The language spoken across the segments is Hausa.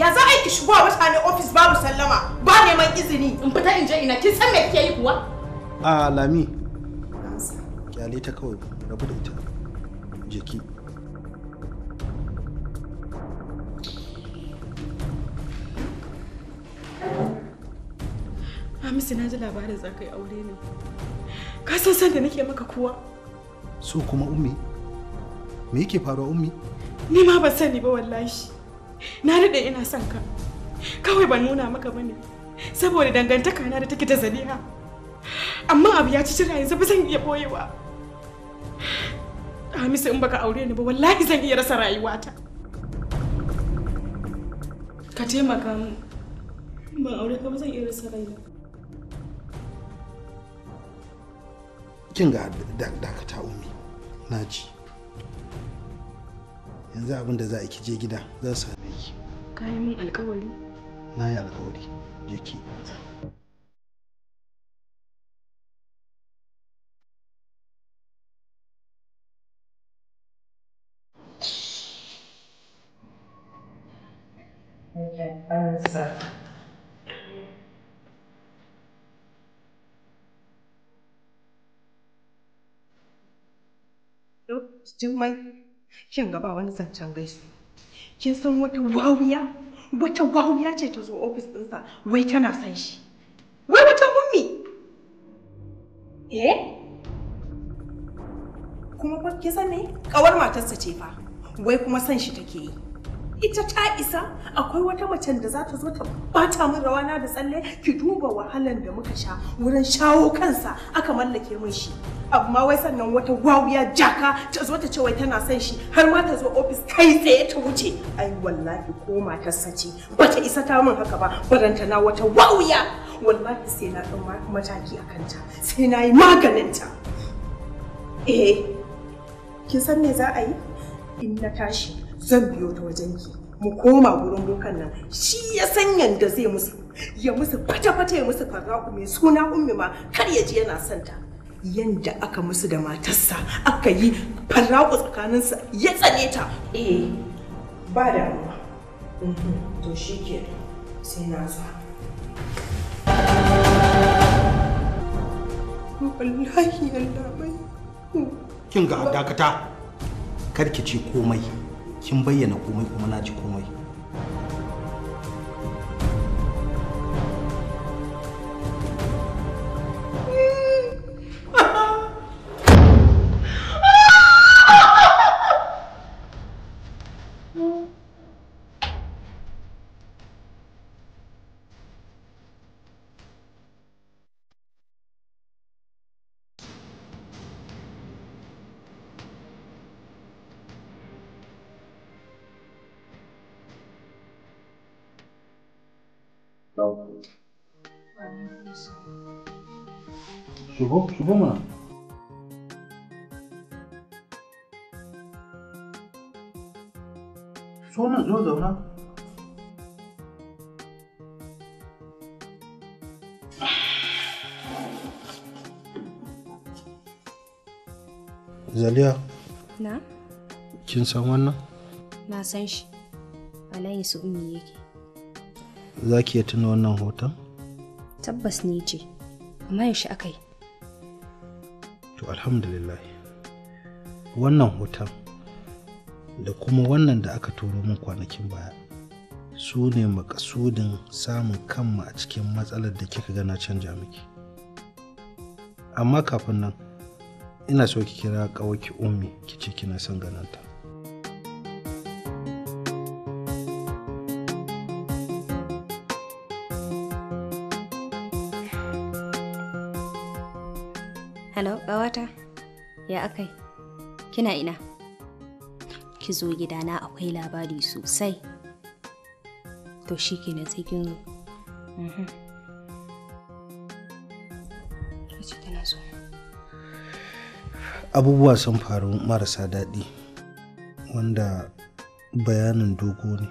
ya za a ki shigo a mutane ofis babu sallama ba neman izini in fita in je ina kin san me kike yi kuwa a lami kyale ta kawai rabu da ita jiki Hamisu na ji labarin za ka yi aure ne. Ka san san da nake maka kuwa. So kuma ummi? Me yake faruwa ummi? Ni ma ban sani ba wallahi. na daɗe ina son ka kawai ban nuna maka bane saboda dangantaka na da take ta zaliha amma abu ya ci cira yanzu ba zan iya boyewa Hamisu in baka aure ni ba wallahi zan iya rasa rayuwata ka taimaka mu ban aure ka ba zan iya rasa rayuwa kin ga dakata umi na ji yanzu abin da za a ki je gida za su same ki ka yi min alkawari na yi alkawari je ki Shin gaba wani zancen gaisu. Kin san wata wawiya? Wata wawiya ce ta zo ofis ɗinsa wai tana san shi. Wai wata ummi! Eh? Kuma kin san ne? Ƙawar matarsa ce fa. Wai kuma san shi take yi. ita ta isa akwai wata macen da za ta zo ta bata min rawana da tsalle ki duba wahalan da muka sha wurin shawo kansa aka mallake mun shi amma wai sannan wata wawuya jaka ta zo ta ce wai tana son shi har ma ta zo ofis kai tsaye ta wuce ai wallahi ko matar sace bata isa ta min haka ba baranta na wata wawuya wallahi sai na ɗan mataki a kanta sai na yi ta eh kin san me za a yi in na tashi zan biyo ta wajenki mu koma gurin bokan nan shi ya san yanda zai musu ya musu fata-fata ya musu farraku mai suna ummi ma kar ya ji yana santa yanda aka musu da matarsa aka yi farraku tsakaninsa ya tsane ta eh ba da mhm, to shi ke sai na zo wallahi yalla kin ga dakata kar ki ce komai kin bayyana komai kuma na ji komai Shigo, shigo mano? So nan zo zauna. Zaliya. Na? Kin san wannan? Na san shi. Alayi su umi yake. Za ki iya tuna wannan hoton? tabbas ni ce amma yaushe aka yi to alhamdulillah wannan hoton da kuma wannan da aka turo min kwanakin baya su ne makasudin samun kanmu a cikin matsalar da kika gana canja miki amma kafin nan ina so ki kira kawaki ummi ki ce kina son gananta Ya akai? Kina ina? Ki zo gidana akwai labari sosai. To shi ke na cikin Abubuwa sun faru marasa daɗi wanda bayanin dogo ne.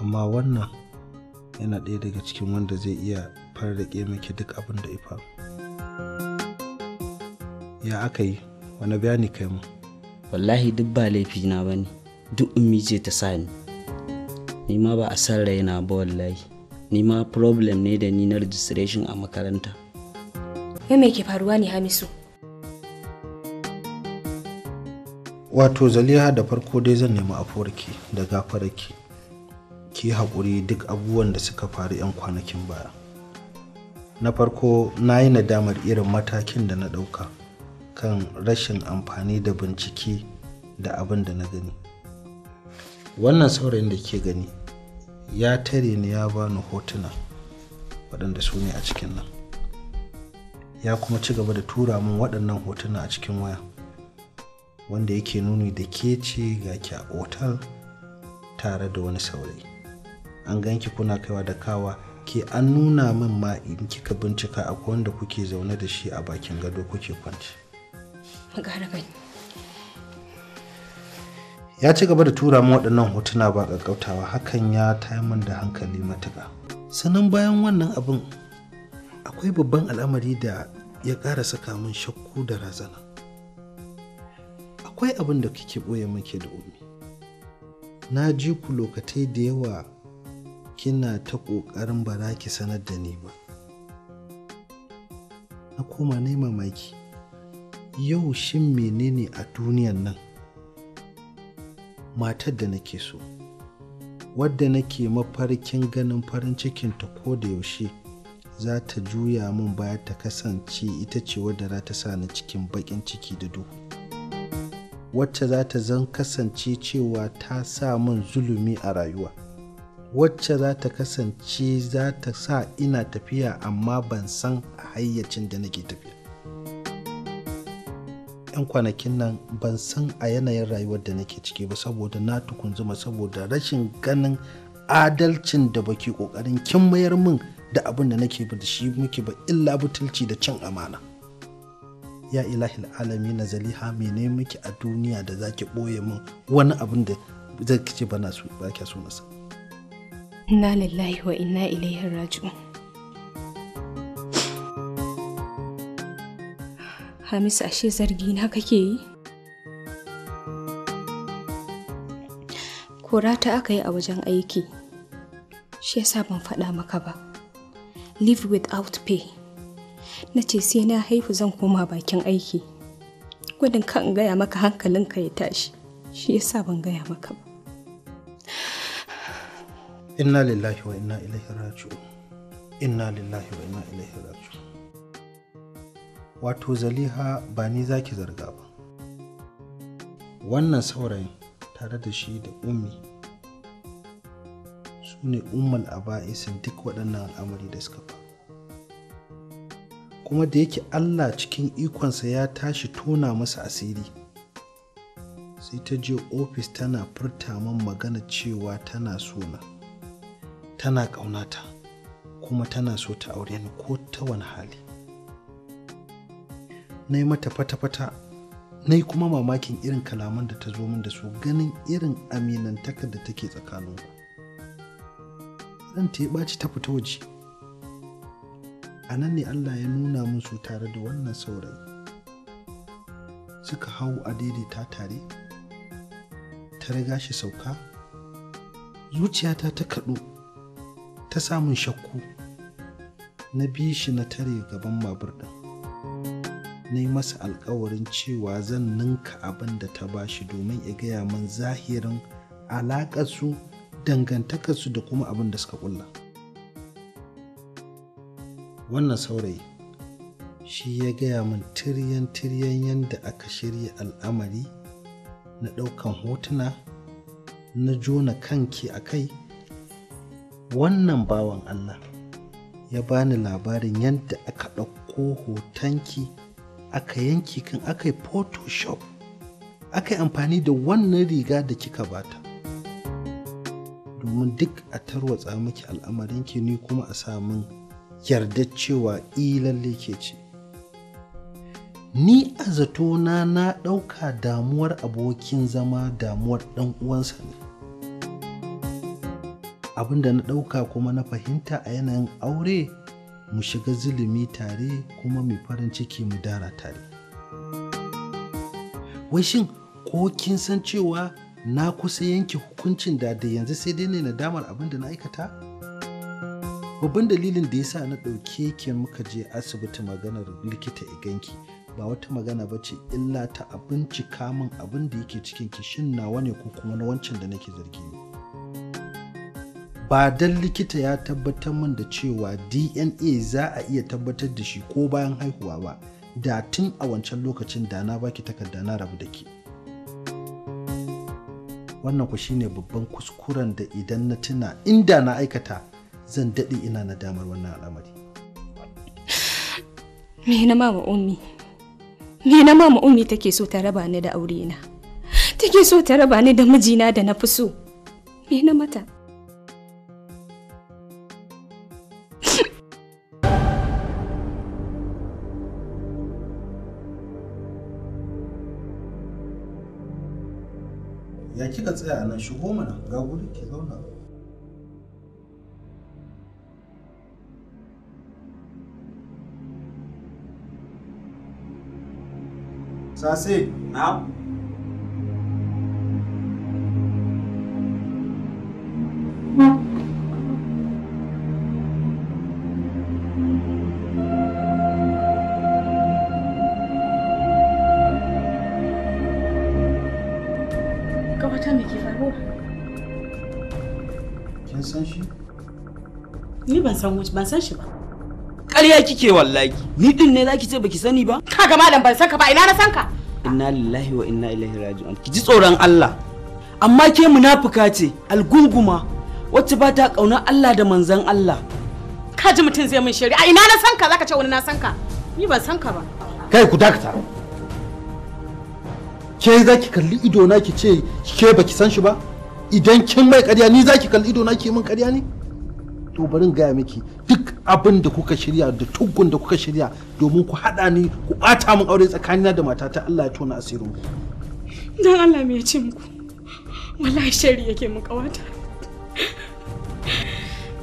Amma wannan yana ɗaya daga cikin wanda zai iya farrake miki duk abin da ya faru. ya aka yi wani bayani kai mu wallahi duk ba laifi na ba ne duk ummi ce ta sa ni ni ma ba a san raina ba wallahi ni ma problem ne da ni na registration a makaranta wai me ke faruwa ne hamisu wato zaliha da farko dai zan nemi afuwarki da gafararki ki haƙuri duk abubuwan da suka faru 'yan kwanakin baya na farko na yi nadamar irin matakin da na ɗauka kan rashin amfani da bincike da abin da na gani wannan saurayin da ke gani ya tare ni ya bani hotuna waɗanda su ne a cikin nan ya kuma ci gaba da tura min waɗannan hotuna a cikin waya wanda yake nuni da ke ce ga ki otal tare da wani saurayi an ganki kuna kaiwa da kawa ke an nuna min ma in kika bincika akwai wanda kuke zaune da shi a bakin gado kuke kwanci ya ci gaba da tura mu waɗannan hotuna ba ƙaƙƙautawa hakan ya taimun da hankali matuka. sannan bayan wannan abin akwai babban al'amari da ya ƙara saka min shakku da razana akwai abin da kike ɓoye muke da umi na ji ku lokatai da yawa kina ta ƙoƙarin ba za ki sanar da ni ba na koma ne mamaki yau shin menene a duniyan nan matar da nake so wadda nake mafarkin ganin farin cikinta ko da yaushe za ta juya min baya ta kasance ita ce wadda za ta sa ni cikin baƙin ciki da duhu wacce za ta zan kasance cewa ta sa min zulumi a rayuwa wacce za ta kasance za ta sa ina tafiya amma ban san a hayyacin da nake tafiya 'yan kwanakin nan ban san a yanayin rayuwar da nake ciki ba saboda na tukunzuma saboda rashin ganin adalcin da baki kokarin kin mayar min da abin da nake da shi muke ba illa butulci da cin amana ya ilahil alami na zaliha mene muke a duniya da zaki ɓoye min wani abin da zaki ce bana su ba so na lillahi wa inna ilaihi raji'un Hamisu ashe zargi na kake yi? Kora ta aka yi a wajen aiki, shi yasa ban faɗa maka ba. Live without pay. Na ce sai na haihu zan koma bakin aiki. Gudun kan gaya maka hankalinka ya tashi, shi yasa ban gaya maka ba. Inna lillahi wa inna ilaihi raji'un. Inna lillahi wa inna ilaihi raji'un. wato zaliha ba ni za ki zarga ba wannan saurayin tare da shi da ummi su ne ummal aba'isin duk waɗannan al'amari da suka fa kuma da yake allah cikin ikonsa ya tashi tona masa asiri sai ta je ofis tana furta man magana cewa tana suna tana ƙaunata kuma tana so ta aure ni ko ta wani hali na yi mata fata-fata na yi kuma mamakin irin kalaman da ta zo min da su ganin irin aminantakar da take tsakanin ran ta ɓaci ta fito waje a nan ne allah ya nuna su tare da wannan saurayi suka hau a daidaita tare ta riga shi sauka zuciyata ta kaɗu ta samun shakku na bi shi na tare gaban babur ɗin na yi masa alkawarin cewa zan ninka abin da ta ba shi domin ya gaya min zahirin alaƙarsu dangantakarsu da kuma abin da suka ƙulla. wannan saurayi shi ya gaya min tiryan tiryan yadda aka shirya al'amari na ɗaukan hotuna na jona kanki a kai wannan bawan allah ya bani labarin yadda aka ɗauko hotonki aka yanki kan aka yi photoshop aka yi amfani da wannan riga da kika bata domin duk a tarwatsa miki al'amarinki ni kuma a samun yarda cewa e, lalle ke ce ni a zatona na ɗauka damuwar abokin zama damuwar ɗan uwansa ne abinda na ɗauka kuma na fahimta a yanayin aure mu shiga zulumi tare kuma mai farin ciki mu dara tare wai shin ko kin san cewa na kusa yanke hukuncin da da yanzu sai dai ne nadamar abin da na aikata babban dalilin da ya sa na ɗauke ke muka je asibiti maganar likita iganki ba wata magana ba ce illa ta abinci kamun abin da yake cikin kishin nawa ne ko kuma na wancan da nake zargi ne ba don likita ya tabbatar min da cewa dna za a iya tabbatar da shi ko bayan haihuwa ba da tun a wancan lokacin da na baki takarda na rabu da ke wannan ku shine babban kuskuren da idan na tuna inda na aikata zan daɗe ina na damar wannan al'amari me na mama ummi me na mama ummi take so ta raba ni da aure na take so ta raba ni da mijina da na fi so me na mata ya kika tsaya a nan shigo mana ga guri ki zauna sase na'am san wuce ban san shi ba ƙarya kike wallahi ni din ne zaki ce baki sani ba kaga malam ban san ka ba ina na san ka inna lillahi wa inna ilaihi raji'un ki ji tsoron Allah amma ke munafuka ce algunguma wacce ba ta kauna Allah da manzan Allah ka ji mutum zai min shari'a ina na san ka zaka ce wani na san ka ni ban san ka ba kai ku dakata ke zaki kalli ido na ki ce ke baki san shi ba idan kin mai ƙarya ni zaki kalli ido na ki min ƙarya ne to bari gaya miki duk abin da kuka shirya da tugun da kuka shirya domin ku haɗa ni ku ɓata min aure tsakanina da mata ta Allah ya tona asirin ku. Dan Allah mai ya ce muku? Wallahi shari yake mu kawata.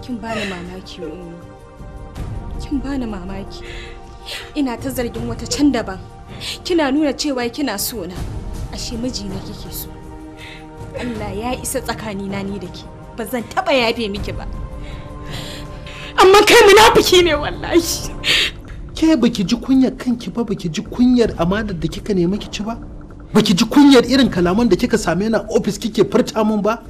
Kin bani mamaki Umma. Kin bani mamaki. Ina ta zargin wata can daban. Kina nuna cewa kina so na. Ashe miji na kike so. Allah ya isa tsakanina ni da ke. Ba zan taɓa yabe miki ba. amma kai munafiki ne wallahi ke baki ji kunyar kanki ba baki ji kunyar amanar da kika nemi ki ci ba baki ji kunyar irin kalaman da kika same na ofis kike furta mun ba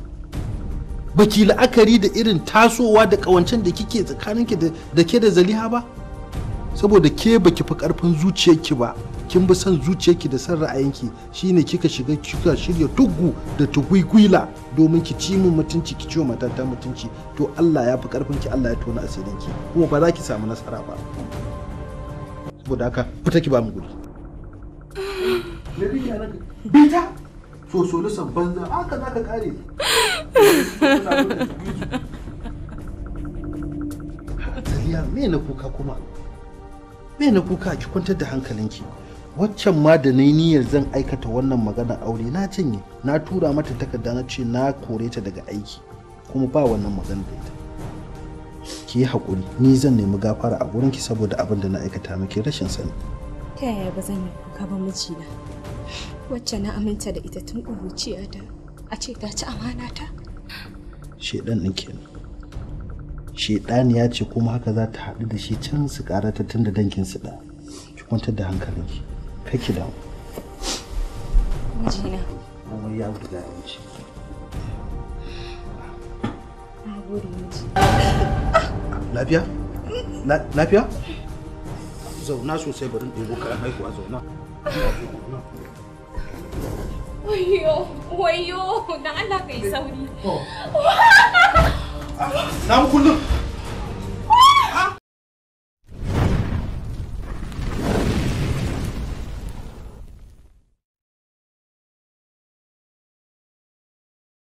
baki la'akari da irin tasowa da kawancen da kike tsakaninki da ke da zaliha ba saboda ke baki fi karfin zuciyarki ba kin bi son zuciyarki da son ra'ayinki shine kika shiga kika shirya tuggu da tugwigwila domin ki ci mun mutunci ki ciwo matata mutunci to Allah ya fi karfin ki Allah ya tona asirin ki kuma ba za ki samu nasara ba saboda haka fita ki ba mu guri bita so so san banza haka za ka kare me na kuka kuma me na kuka ki kwantar da hankalinki waccan ma da na yi niyyar zan aikata wannan magana aure na cinye na tura mata takarda na ce na kore ta daga aiki kuma ba wannan magana da ita ki haƙuri ni zan nemi gafara a ki saboda abin da na aikata miki rashin sani ta yaya ba zan yi kuka ba mijina wacce na aminta da ita tun ƙuruciya ta a ce ta ci amana ta shedan din kenan ya ce kuma haka za ta haɗu da shi can su ta tun da dangin su ɗaya kwantar da hankalinki kake da mijina komai ya riga ya wuce lafiya lafiya zauna sosai barin ɗebo kayan haihuwa na? wayo wayo Na Allah kai sauri na mu kullum